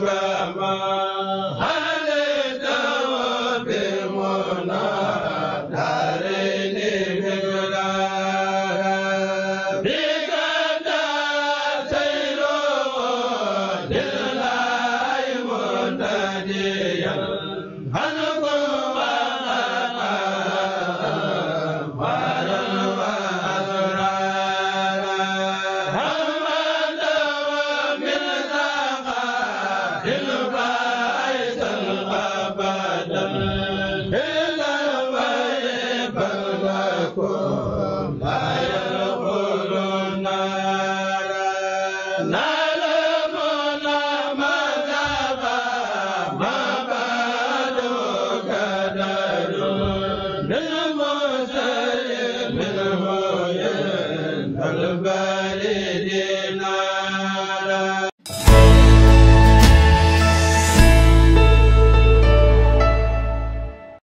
Bamba na